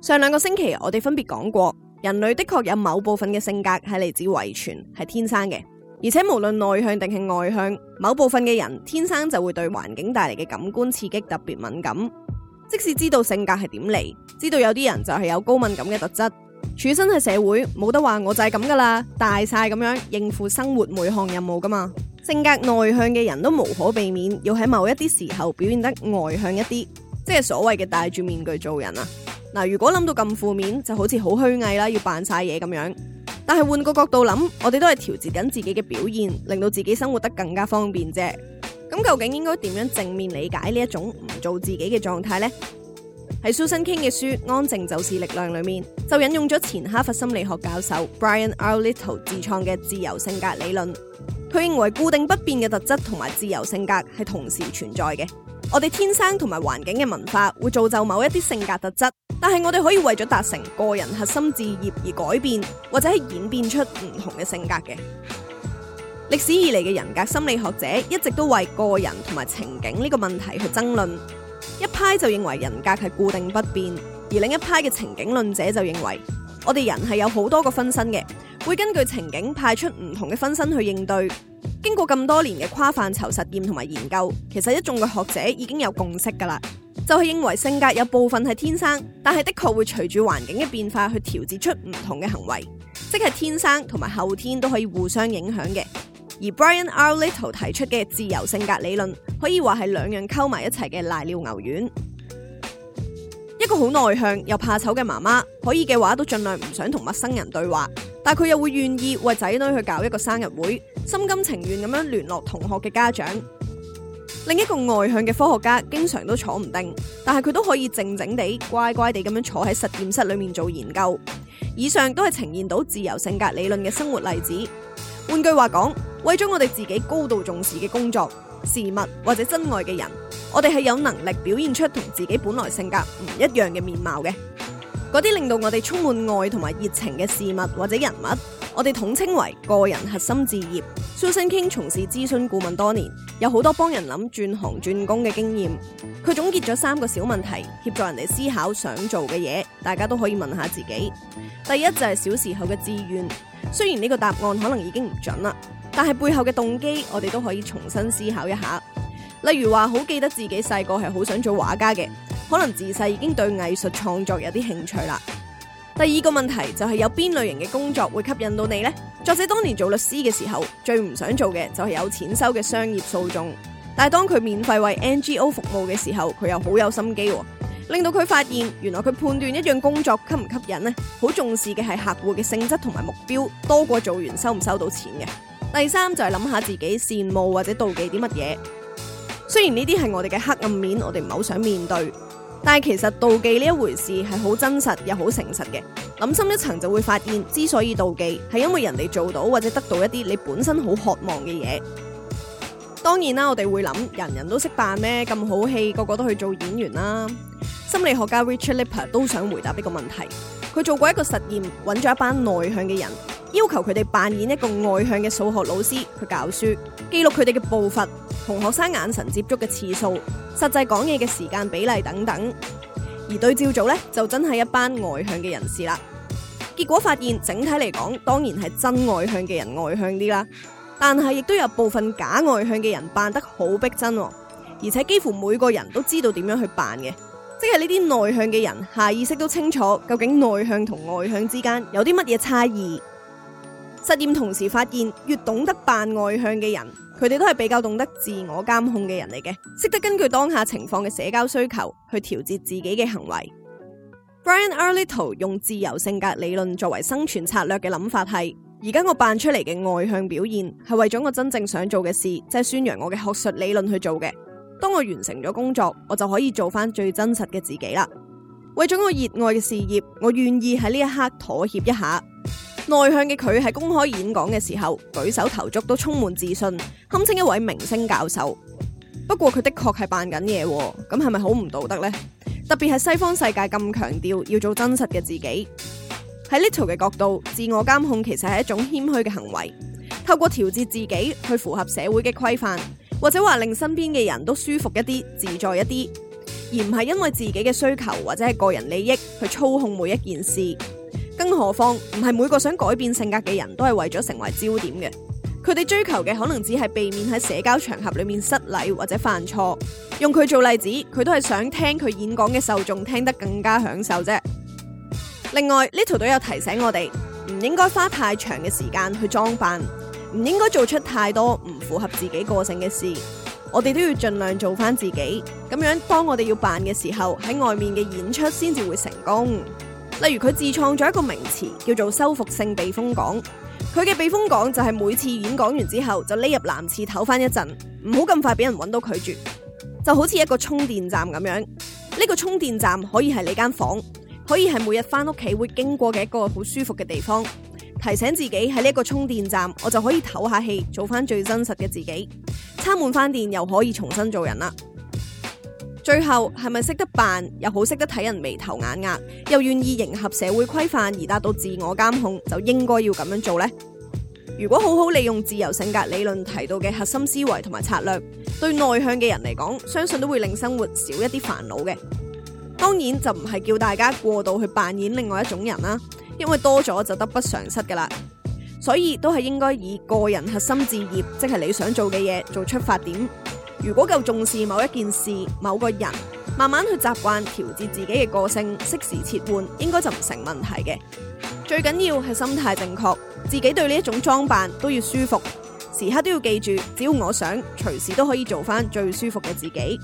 上兩個星期，我哋分別講過，人類的確有某部分嘅性格係嚟自遺傳，係天生嘅。而且無論內向定係外向，某部分嘅人天生就會對環境帶嚟嘅感官刺激特別敏感。即使知道性格係點嚟，知道有啲人就係有高敏感嘅特質，處身喺社會，冇得話我就係咁噶啦，大晒咁樣應付生活每項任務噶嘛。性格內向嘅人都無可避免要喺某一啲時候表現得外向一啲，即係所謂嘅戴住面具做人啊。嗱，如果諗到咁負面，就好似好虛偽啦，要扮晒嘢咁樣。但係換個角度諗，我哋都係調節緊自己嘅表現，令到自己生活得更加方便啫。咁究竟應該點樣正面理解呢一種唔做自己嘅狀態呢？喺 Susan Cain 嘅書《安靜就是力量》裏面，就引用咗前哈佛心理學教授 Brian R Little 自創嘅自由性格理論。佢認為固定不變嘅特質同埋自由性格係同時存在嘅。我哋天生同埋環境嘅文化會造就某一啲性格特質，但係我哋可以為咗達成個人核心志業而改變，或者係演變出唔同嘅性格嘅。歷史以嚟嘅人格心理學者一直都為個人同埋情景呢個問題去爭論。一派就認為人格係固定不變，而另一派嘅情景論者就認為我哋人係有好多個分身嘅，會根據情景派出唔同嘅分身去應對。經過咁多年嘅跨範疇實驗同埋研究，其實一眾嘅學者已經有共識噶啦，就係、是、認為性格有部分係天生，但係的確會隨住環境嘅變化去調節出唔同嘅行為，即係天生同埋後天都可以互相影響嘅。而 Brian R. Little 提出嘅自由性格理論，可以話係兩樣溝埋一齊嘅瀨尿牛丸。一個好內向又怕醜嘅媽媽，可以嘅話都盡量唔想同陌生人對話，但佢又會願意為仔女去搞一個生日會。心甘情願咁樣聯絡同學嘅家長。另一個外向嘅科學家經常都坐唔定，但係佢都可以靜靜地、乖乖地咁樣坐喺實驗室裏面做研究。以上都係呈現到自由性格理論嘅生活例子。換句話講，為咗我哋自己高度重視嘅工作、事物或者真愛嘅人，我哋係有能力表現出同自己本來性格唔一樣嘅面貌嘅。嗰啲令到我哋充滿愛同埋熱情嘅事物或者人物。我哋統稱為個人核心置業。Susan King 從事諮詢顧問多年，有好多幫人諗轉行轉工嘅經驗。佢總結咗三個小問題，協助人哋思考想做嘅嘢。大家都可以問下自己。第一就係、是、小時候嘅志願，雖然呢個答案可能已經唔準啦，但係背後嘅動機，我哋都可以重新思考一下。例如話好記得自己細個係好想做畫家嘅，可能自細已經對藝術創作有啲興趣啦。第二個問題就係有邊類型嘅工作會吸引到你呢？作者當年做律師嘅時候，最唔想做嘅就係有錢收嘅商業訴訟。但係當佢免費為 NGO 服務嘅時候，佢又好有心機，令到佢發現原來佢判斷一樣工作吸唔吸引呢，好重視嘅係客戶嘅性質同埋目標，多過做完收唔收到錢嘅。第三就係諗下自己羨慕或者妒忌啲乜嘢。雖然呢啲係我哋嘅黑暗面，我哋唔係好想面對。但係其實妒忌呢一回事係好真實又好誠實嘅，諗深一層就會發現，之所以妒忌，係因為人哋做到或者得到一啲你本身好渴望嘅嘢。當然啦，我哋會諗，人人都識扮咩咁好戲，個個都去做演員啦。心理學家 Richard Lippa 都想回答呢個問題，佢做過一個實驗，揾咗一班內向嘅人。要求佢哋扮演一個外向嘅數學老師去教書，記錄佢哋嘅步伐、同學生眼神接觸嘅次數、實際講嘢嘅時間比例等等。而對照組呢，就真係一班外向嘅人士啦。結果發現整體嚟講，當然係真外向嘅人外向啲啦。但係亦都有部分假外向嘅人扮得好逼真，而且幾乎每個人都知道點樣去扮嘅，即係呢啲內向嘅人下意識都清楚究竟內向同外向之間有啲乜嘢差異。實驗同時發現，越懂得扮外向嘅人，佢哋都係比較懂得自我監控嘅人嚟嘅，識得根據當下情況嘅社交需求去調節自己嘅行為。Brian R. Little 用自由性格理論作為生存策略嘅諗法係：而家我扮出嚟嘅外向表現，係為咗我真正想做嘅事，即係宣揚我嘅學術理論去做嘅。當我完成咗工作，我就可以做翻最真實嘅自己啦。為咗我熱愛嘅事業，我願意喺呢一刻妥協一下。內向嘅佢喺公開演講嘅時候，舉手投足都充滿自信，堪稱一位明星教授。不過佢的確係扮緊嘢喎，咁係咪好唔道德呢？特別係西方世界咁強調要做真實嘅自己，喺 Little 嘅角度，自我監控其實係一種謙虛嘅行為，透過調節自己去符合社會嘅規範，或者話令身邊嘅人都舒服一啲、自在一啲，而唔係因為自己嘅需求或者係個人利益去操控每一件事。更何況唔係每個想改變性格嘅人都係為咗成為焦點嘅，佢哋追求嘅可能只係避免喺社交場合裏面失禮或者犯錯。用佢做例子，佢都係想聽佢演講嘅受眾聽得更加享受啫。另外呢 i t 隊有提醒我哋唔應該花太長嘅時間去裝扮，唔應該做出太多唔符合自己個性嘅事。我哋都要盡量做翻自己，咁樣當我哋要扮嘅時候喺外面嘅演出先至會成功。例如佢自創咗一個名詞，叫做修復性避風港。佢嘅避風港就係每次演講完之後，就匿入男廁唞翻一陣，唔好咁快俾人揾到佢住，就好似一個充電站咁樣。呢個充電站可以係你間房，可以係每日翻屋企會經過嘅一個好舒服嘅地方，提醒自己喺呢個充電站，我就可以唞下氣，做翻最真實嘅自己，充滿翻電，又可以重新做人啦。最後係咪識得扮，又好識得睇人眉頭眼額，又願意迎合社會規範而達到自我監控，就應該要咁樣做呢？如果好好利用自由性格理論提到嘅核心思維同埋策略，對內向嘅人嚟講，相信都會令生活少一啲煩惱嘅。當然就唔係叫大家過度去扮演另外一種人啦，因為多咗就得不償失噶啦。所以都係應該以個人核心志業，即係你想做嘅嘢，做出發點。如果夠重視某一件事、某個人，慢慢去習慣調節自己嘅個性，適時切換，應該就唔成問題嘅。最緊要係心態正確，自己對呢一種裝扮都要舒服，時刻都要記住，只要我想，隨時都可以做翻最舒服嘅自己。